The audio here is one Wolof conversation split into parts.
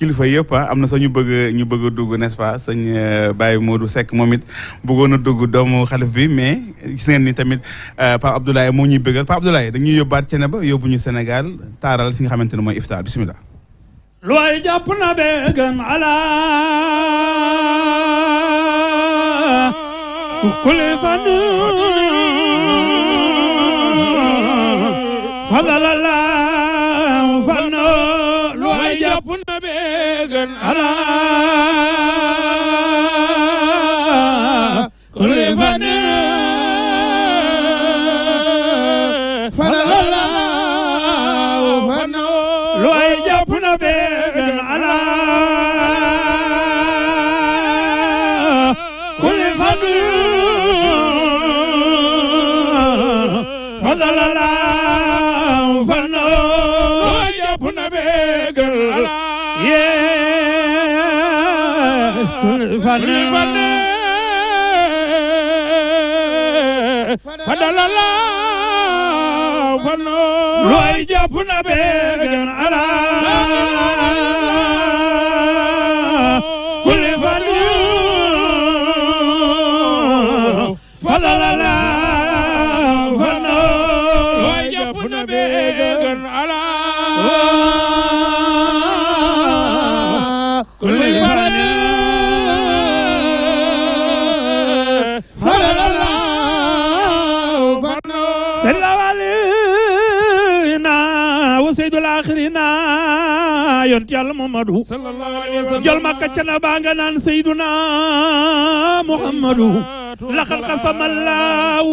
kilifa yëpp ah am na sax ñu bëgg ñu bëgg dugg n'est-ce pas sëñ euh, Baye Modou Seck moom it bëggoon a dugg doomu xalif bi mais gis ngeen ni tamit euh, Pape Abdoulaye moo bëggal Pape Abdoulaye dañuy yóbbaat cene ba yóbbu ñu Sénégal taaral fi nga xamante ne mooy iftaar bismillah looy jàpp na beegan alaa kulli fanin falalaaw fanaw lu ay jàpp na beegan alaa kulli fanin falalaaw fanaw lu ay jàpp na beegan alaa fadalala fano looy jàpp na bee gën ala seydul axirina yonent yàlla Muhammadu jol makka cana baa nga naan seyduna Muhammadu laqad qasama Allahu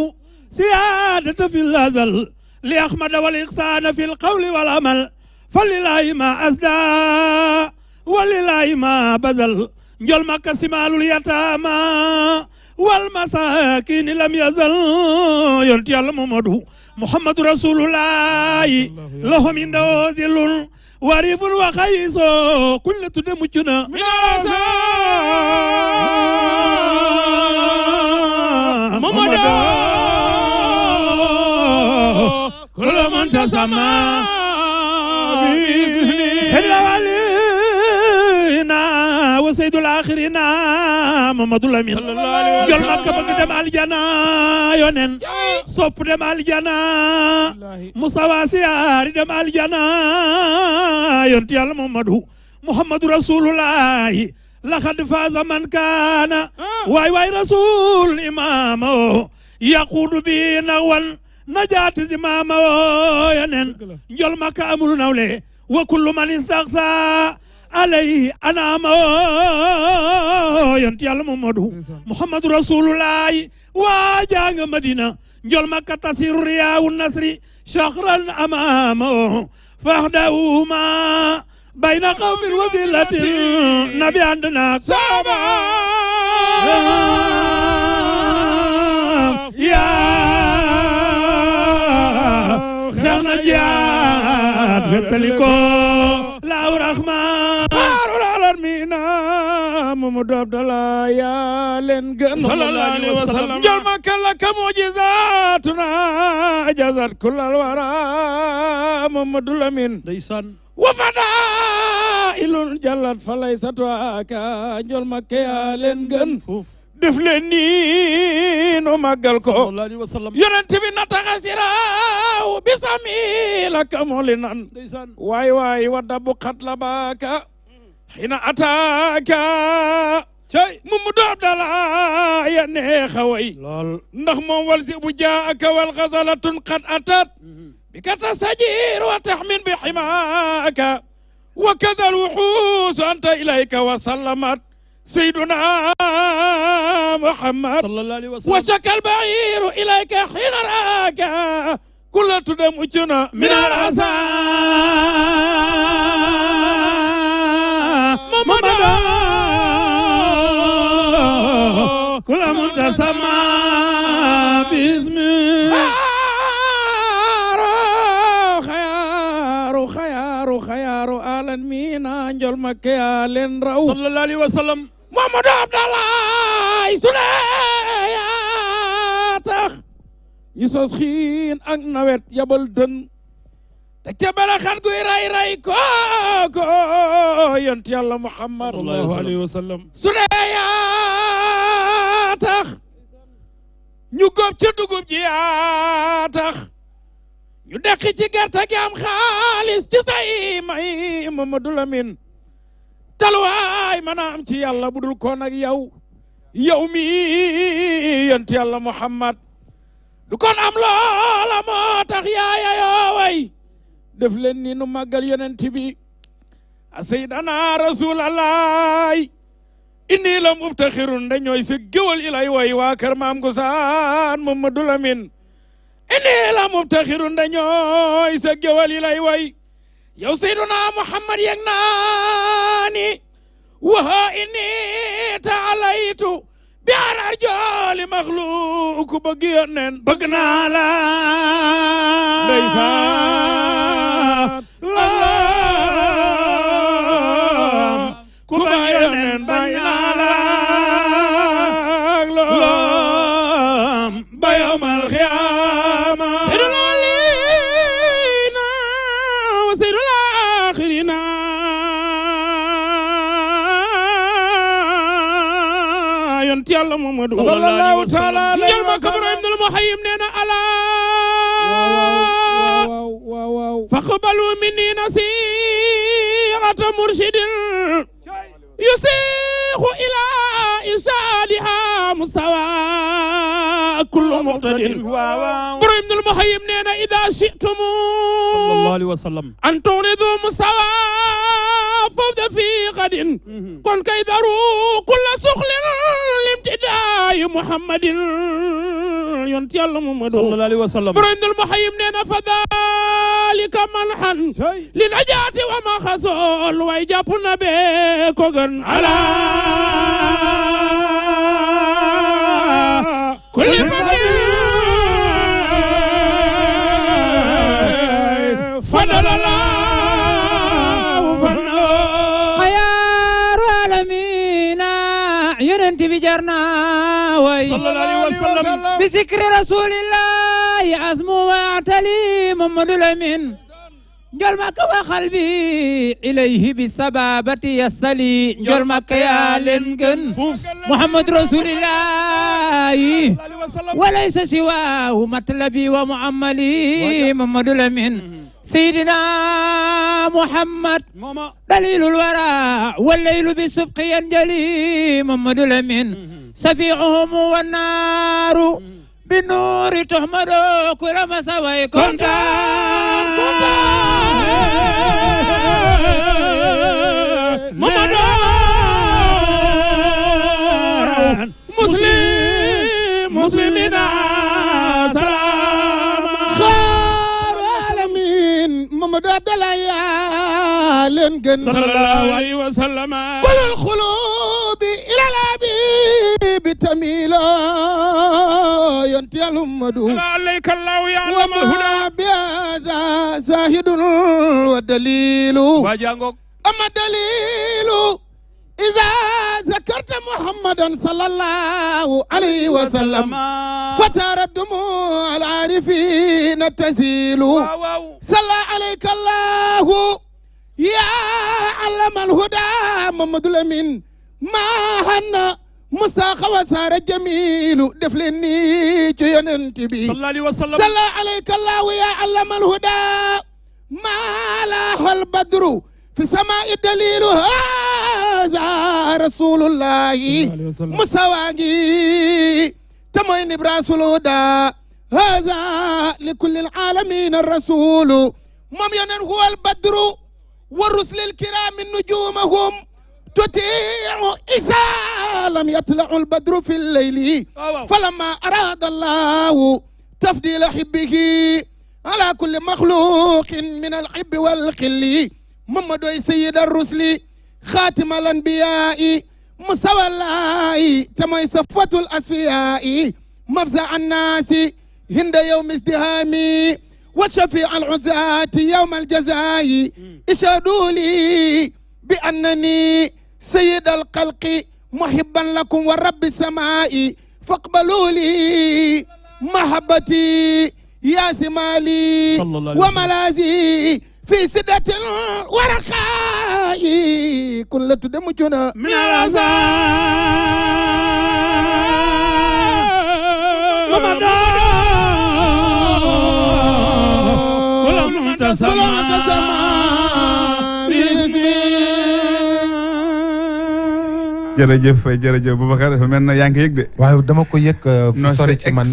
siyaadata fil azal li ahmada wal ihsaana fil qawli wal amal falilahi ma asda walilahi ma bazal jol makka simaalul yataama wal masaakini lam yazal yonti yàlla Muhammadu Muhammadu rasulullahi lahum indahu zillun warifun wa xayso kuñ la tudde mucc na Muhammadu kula man tasama bi sayyidul aaxirina Mamadul Amin jol dem aljana yonen sopp dem aljana musawaasiyaari dem aljana yonti yàlla Mamadu Muhammadu faaza man kaana waay rasul imaama o yaquudu bi nawan najaati man istaxsa alayhi anama o yalla yàlla mamadou rasulullah rasulullahi jang madina njol makka tasiru riyaun nasri shakhran amama o fahdawuma bayna qawmin wa zillatin nabi andana saba ya khana na betliko yaaw rahmaan xaarul alamina Mamadou Abdallah yaa leen gën sallallahu alayhi wa sallam jol ma kala ka mujizatuna ajazat kullal wara Mamadou Lamine ndeysaan wa fada ilul jallat falay satwaka jol ma ke yaa leen gën دفلني وما قالكم صلى الله عليه وسلم يرنتبي نتغسرا وبسامي لك مولنان واي واي ودبو قتلباك حين أتاك شيء ممدو يا نهي لال نخم والغزلة قد أتت بكتا سجير وتحمين بحماك وكذا الوحوس أنت إليك وسلمت سيدنا محمد صلى الله عليه وسلم وشك البعير إليك حين رآك كل تدمجنا من الأسى محمد كل متسمى باسم خيار خيار آل مينا انجل صلى الله عليه وسلم Mamadou Abdallah su dee yaa tax ñu sos xiin ak nawet yabal dën te kebere xar guy ray-ray kooko yonent yàlla Muhammad sallallahu alayhi su dee yaa tax ñu góob ca yaa tax ñu deqi gerte gi am xaalis ci say may Mamadou Lamine talwaay mën a ci yàlla bu ko nag yow yow mi yent yàlla muhammad du kon am loola moo tax yaaya yooway def leen ni nu màggal yonent bi a seydana rasulallaahi inni la muftaxirun da ñooy si géwal ilay way waa kër maam Gusaan Mamadou Lamine inni la muftaxirun da ñooy sa géwal ilay way yow sayduna muhammad yeg naa ni waha inni taalaytu bi arar jooli maxluuku bëgg yonen bëgg naa la ndeysaan محمد صلى الله تعالى عليه وسلم جل ما كبر ابن المحيم نينا على فقبلوا مني نصيحة مرشد يسيخ إلى إرشادها مستوى كل مقتد بر ابن المحيم نينا إذا شئتم صلى الله عليه وسلم أن تغرضوا مستوى فوضى في غد كن كيدروا كل سخل الله محمد ينت الله محمد صلى الله عليه وسلم برند المحيم نينا فذلك منحا للنجاة وما خسول ويجاب نبيك وغن على كل فقير فضل الله انت بجرنا وي صلى الله عليه وسلم بذكر رسول الله عزم واعتلي محمد الأمين جل مكة وقلبي إليه بسبابة يستلي جل مكة يا لنكن محمد رسول الله وليس سواه مطلبي ومعملي محمد الأمين سيدنا محمد دليل الورى والليل بسبق ينجلي محمد الأمين سفيعهم والنار بالنور تحمد كل ما سوي محمد عبد الله يا لنجن صلى الله عليه وسلم كل الخلود تميلا ينتهي الأمد عليك الله يا وما بهذا زاهد ودليل أما دليل إذا ذكرت محمدا صلى الله عليه وسلم فترى الدموع العارفين تزيل صلى عليك الله يا علم الهدى محمد الأمين ما هنّ مستخوى سار جميل دفلني جيون انتبي صلى الله عليه وسلم صلى عليك الله ويا علم الهدى ما لاح بدر في سماء الدليل هذا رسول الله مستواجي تموين برسول دا هذا لكل العالمين الرسول مم هو البدر والرسل الكرام نجومهم تطيع إذا لم يطلع البدر في الليل فلما أراد الله تفضيل حبه على كل مخلوق من الحب والقل محمد سيد الرسل خاتم الأنبياء مستوى الله تمي صفوة الأصفياء مفزع الناس هند يوم ازدهامي وشفيع العزاة يوم الجزاء اشهدوا لي بأنني سيد القلق محبا لكم ورب السماء فاقبلوا لي محبتي يا سمالي وملازي في سدة ورخاء كل تدمجنا من الأذى ومدى كل منتسمى jërëjëf jërëjëf Boubacar dafa mel na yaa ngi yëg de. waaw dama ko yëg. Euh, fu sori ci man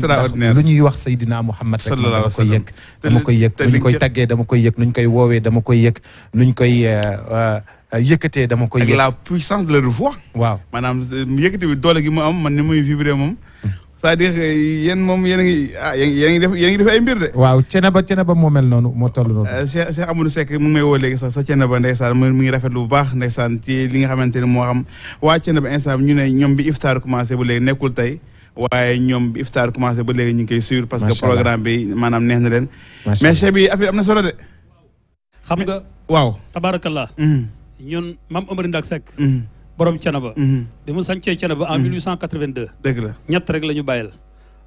lu ñuy wax Seydina Muhammad rek dama koy yëg. dama koy yëg nu ñu koy taggee dama koy yëg nu ñu koy woowee dama koy yëg nu ñu koy euh, euh, yëkkatee dama koy yëg. ak la puissance de leur voix. waaw maanaam yëkkati bi doole gi mu am man ni muy vibré moom. Mm. c'est-à-dire yéen moom yéen a ngi a ah, ngi def yéen a ngi def ay mbir de. waaw Ceneba Ceneba moo mel noonu moo toll noonu. Euh, Cheikh Cheikh Amadou mu ngi may woo sax sa Ceneba ndeysaan mu ngi rafetlu bu baax ndeysaan ci li nga xamante ne moo xam waa Ceneba instant ñu ne bi iftaar commencé bu léegi nekkul tey waaye ñoom iftaar commencé ba léegi ñu ngi koy suivre. parce que programme bi maanaam neex na leen. mais Cheikh bi affaire am na solo de. xam nga waaw tabarakallah mm-hmm. ñun Mame Omar Ndak Seck. Mm-hmm. borom ba mhm. bi mu sancee Cenaba en 1882. Mhm. dëgg la ñett rek la ñu bàyyil.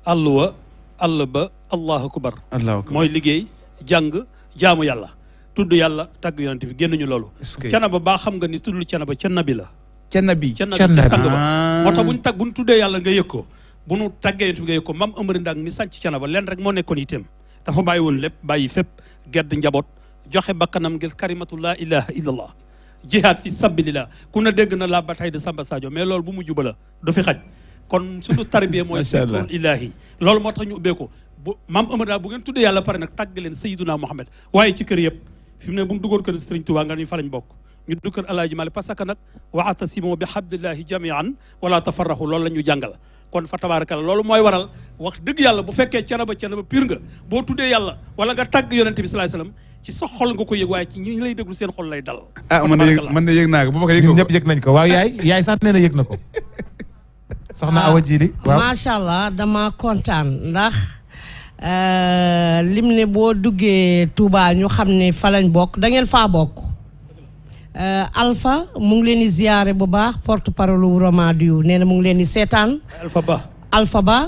àlluwa àll ba allahu akbar. allahu akbar mooy liggéey jàng jaamu yàlla. tudd yàlla tàgg yonent bi génnuñu loolu. Cenaba baa xam nga ni tudd Cenaba ca nabi la. ca bi ca nabi sang ba ah. moo tax bu ñu tag bu ñu tuddee yàlla nga yëg ko. bu nu tàggee yonent bi nga yëg ko mam Amari Ndaak mi sànc ba leen rek moo nekkoon itam dafa bàyyi woon lépp bàyyi fépp gedd njaboot joxe bakkanam ngir karimatu laa ilaha illallah jihaad fi sabilillah ku ne dégg na la bataille de Samba Sadio mais loolu bu mu juba la du fi xaj kon suñu tarbiya mooy seetoon ilaahi loolu moo tax ñu ubbee ko bu maam Amada bu ngeen tuddee yàlla pare nag tàgg leen Sayyiduna Muhammad waaye ci kër yëpp fi mu ne bu mu duggoon kër Serigne Touba nga ñu fa lañ bokk ñu du kër Alaaji Maalik parce que nag wa'tasimu bi hablillahi jami'an wala tafarraxu loolu la ñu jàngal kon fa tabaarakalla loolu mooy waral wax dëgg yàlla bu fekkee cana ba cana ba pur nga boo tuddee yàlla wala nga tàgg yonente bi sallallahu alayhi ci sa xol nga ko yëg waaye ci ñi lay déglu seen xol lay dal. ah man de yëg man de yëg naa ko bu ma ko yëg ñëpp yëg nañ ko waaw yaay yaay sax nee na yëg na ko. soxna ah, Awa Jili waaw allah dama kontaan ndax euh, lim limne bo duggee Touba ñu xam fa lañ bok da ngeen euh, Alpha mu ngi leen di ziare bu baax porte parole wu Ramadiou nee na mu ngi leen di seetaan. Alpha Ba Alpha Ba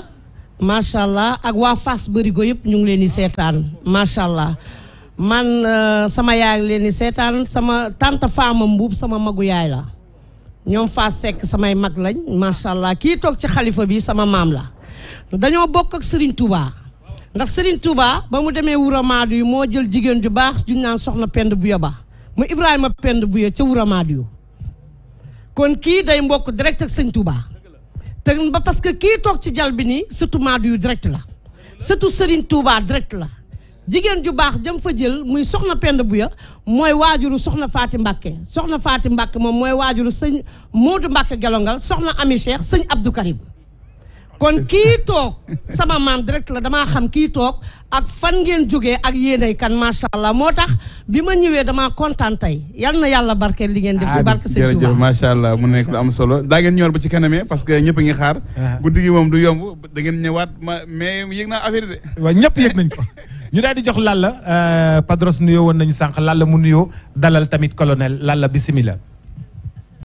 allah ak waa Fass Bërigo ñu ngi leen di allah man eh, sama yaay leen ni setan sama tante femme mbub sama magu yaay la ñoom faa sek samay mag lañ macha allah kii ci khalifa bi sama mam la dañoo bok ak Serigne Touba ndax Serigne Touba ba mu demee Wuramaadu yu jël jigen ju bax ju ñaan soxna Pend bu ba mu Ibrahima Pend Buya ca Wuramaadu yu kon ki day mbok direct ak Serigne Touba te ba parce que ki tok ci direct la surtout Serigne Touba direct la. jigéen ju baax jëm fa jël muy soxna bu ya mooy waajuru soxna Faati Mbàkke soxna Faati Mbàkke moom mooy waajuru sëñ Moodu Mbàkke Gelongal soxna Ami Cheikh sëñ Abdou Karim kon kii toog sama maam direct la damaa xam kii toog ak fan ngeen jógee ak yéenay kan macha allah moo tax bi ma ñëwee damaa kontaan tey yal na yàlla barkeel li ngeen def. ci barke Sëñ Tuubaa jërëjëf macha allah mu nekk lu am solo daa ngeen ñëwaat ba ci kanamee parce que ñëpp ngi xaar. Ah. guddi gi moom du yomb da ngeen ñëwaat ma mais yëg naa affaire de. waaw ñëpp yëg nañ ko ñu daal di jox Lalla euh, Padros nuyoo woon nañu sànq Lalla mu nuyoo dalal tamit colonel Lalla bisimilah.